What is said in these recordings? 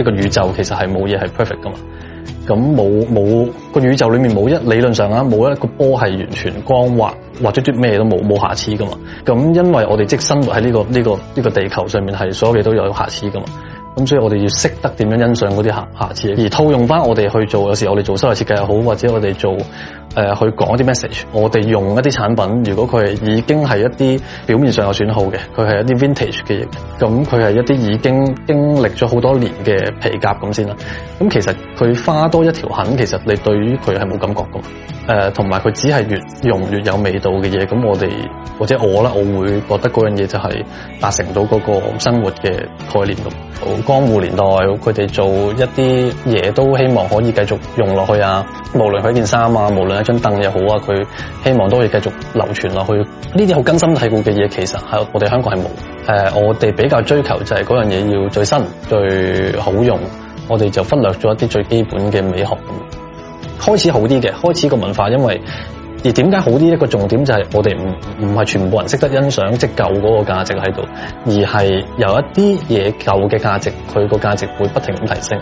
呢個宇宙其實係冇嘢係 perfect 噶嘛，咁冇冇個宇宙裡面冇一理論上啊冇一個波係完全光滑或者嘟咩都冇冇瑕疵噶嘛，咁因為我哋即生活喺呢個呢個呢個地球上面係所有嘢都有瑕疵噶嘛，咁所以我哋要識得點樣欣賞嗰啲瑕瑕疵，而套用翻我哋去做，有時我哋做室內設計又好，或者我哋做。誒、呃、去講一啲 message，我哋用一啲產品，如果佢係已經係一啲表面上有損耗嘅，佢係一啲 vintage 嘅嘢，咁佢係一啲已經經歷咗好多年嘅皮夾咁先啦。咁其實佢花多一條痕，其實你對於佢係冇感覺㗎嘛。誒、呃，同埋佢只係越用越，越有味道嘅嘢，咁我哋。或者我咧，我會覺得嗰樣嘢就係達成到嗰個生活嘅概念咯。江戶年代佢哋做一啲嘢都希望可以繼續用落去啊，無論佢件衫啊，無論一張凳又好啊，佢希望都可以繼續流傳落去。呢啲好根深蒂固嘅嘢，其實，喺我哋香港係冇，誒，我哋比較追求就係嗰樣嘢要最新最好用，我哋就忽略咗一啲最基本嘅美學。開始好啲嘅，開始個文化，因為。而點解好啲？一個重點就係我哋唔唔係全部人識得欣賞即舊嗰個價值喺度，而係由一啲嘢舊嘅價值，佢個價值會不停咁提升。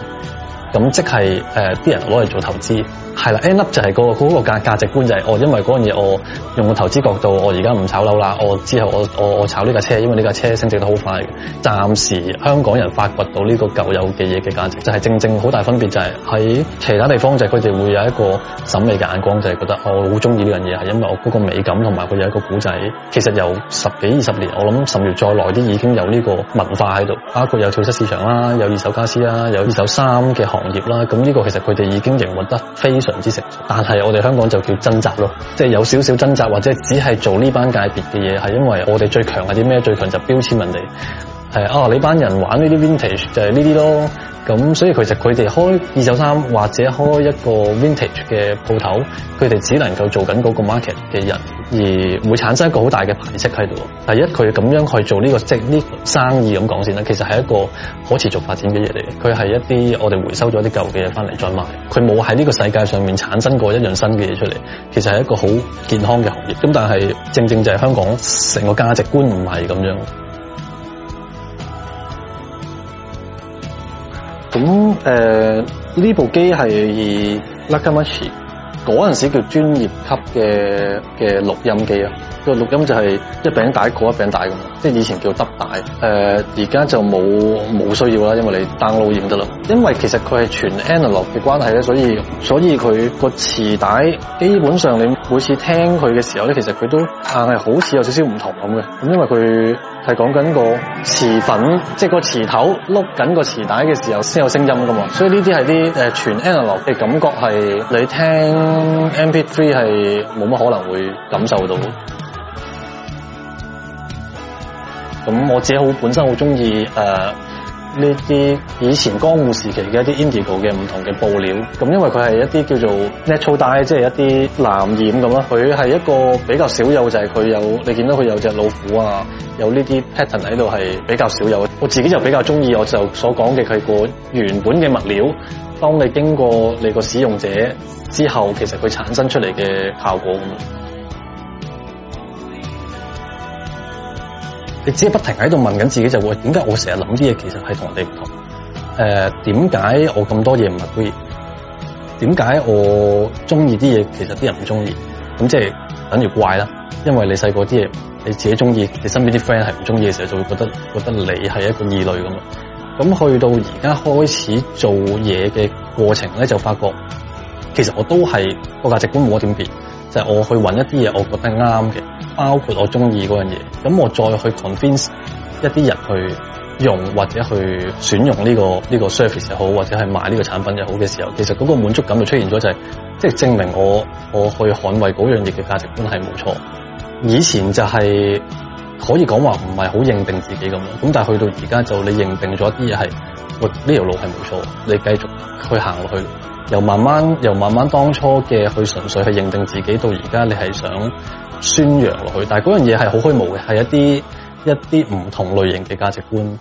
咁即係誒啲人攞嚟做投資，係啦，end up 就係、嗰個嗰、嗰個價值觀就係、是、我、哦、因為嗰樣嘢我用個投資角度，我而家唔炒樓啦，我之後我我我炒呢架車，因為呢架車升值得好快。暫時香港人發掘到呢個舊有嘅嘢嘅價值，就係、是、正正好大分別就係、是、喺其他地方就係佢哋會有一個審美嘅眼光，就係、是、覺得我好中意呢樣嘢係因為我嗰個美感同埋佢有一個古仔。其實有十幾二十年，我諗甚至再耐啲已經有呢個文化喺度，包括有跳蚤市場啦，有二手家私啦，有二手衫嘅行行業啦，咁呢個其實佢哋已經營運得非常之成熟，但係我哋香港就叫掙扎咯，即係有少少掙扎，或者只係做呢班界別嘅嘢，係因為我哋最強係啲咩？最強就標籤問題。係啊！你班人玩呢啲 vintage 就係呢啲咯，咁所以其實佢哋開二手衫或者開一個 vintage 嘅鋪頭，佢哋只能夠做緊嗰個 market 嘅人，而會產生一個好大嘅排斥喺度。第一，佢咁樣去做呢個即呢生意咁講先啦，其實係一個可持續發展嘅嘢嚟嘅。佢係一啲我哋回收咗啲舊嘅嘢翻嚟再賣，佢冇喺呢個世界上面產生過一樣新嘅嘢出嚟。其實係一個好健康嘅行業。咁但係正正就係香港成個價值觀唔係咁樣。咁誒呢部機係 Lucky Machine，嗰陣時叫專業級嘅嘅錄音機啊。個錄音就係一餅帶過一餅帶咁，即係以前叫得帶。誒、呃，而家就冇冇需要啦，因為你 download 已得啦。因為其實佢係全 analog 嘅關係咧，所以所以佢個磁帶基本上你每次聽佢嘅時候咧，其實佢都硬係好似有少少唔同咁嘅。咁因為佢係講緊個磁粉，即係個磁頭碌緊個磁帶嘅時候先有聲音噶嘛。所以呢啲係啲誒全 analog 嘅感覺係你聽 MP3 係冇乜可能會感受到。咁我自己好本身好中意誒呢啲以前江戶時期嘅一啲 indigo 嘅唔同嘅布料，咁因為佢係一啲叫做 natural dye 即係一啲藍染咁咯。佢係一個比較少有，就係、是、佢有你見到佢有隻老虎啊，有呢啲 pattern 喺度係比較少有。我自己就比較中意，我就所講嘅佢個原本嘅物料，當你經過你個使用者之後，其實佢產生出嚟嘅效果。你只係不停喺度問緊自己，就會點解我成日諗啲嘢，其實係同人哋唔同？誒、就是，點解我咁多嘢唔係？點解我中意啲嘢，其實啲人唔中意？咁即係等於怪啦。因為你細個啲嘢，你自己中意，你身邊啲 friend 係唔中意嘅時候，就會覺得覺得你係一個異類咁啊。咁去到而家開始做嘢嘅過程咧，就發覺其實我都係個價值觀冇點變。就係我去揾一啲嘢，我覺得啱嘅，包括我中意嗰樣嘢。咁我再去 convince 一啲人去用或者去選用呢、這個呢、這個 service 又好，或者係買呢個產品又好嘅時候，其實嗰個滿足感就出現咗、就是，就係即係證明我我去捍衞嗰樣嘢嘅價值觀係冇錯。以前就係、是、可以講話唔係好認定自己咁樣，咁但係去到而家就你認定咗一啲嘢係，我呢條路係冇錯，你繼續去行落去。又慢慢，由慢慢，當初嘅去純粹去認定自己，到而家你係想宣揚落去，但係嗰樣嘢係好虛無嘅，係一啲一啲唔同類型嘅價值觀。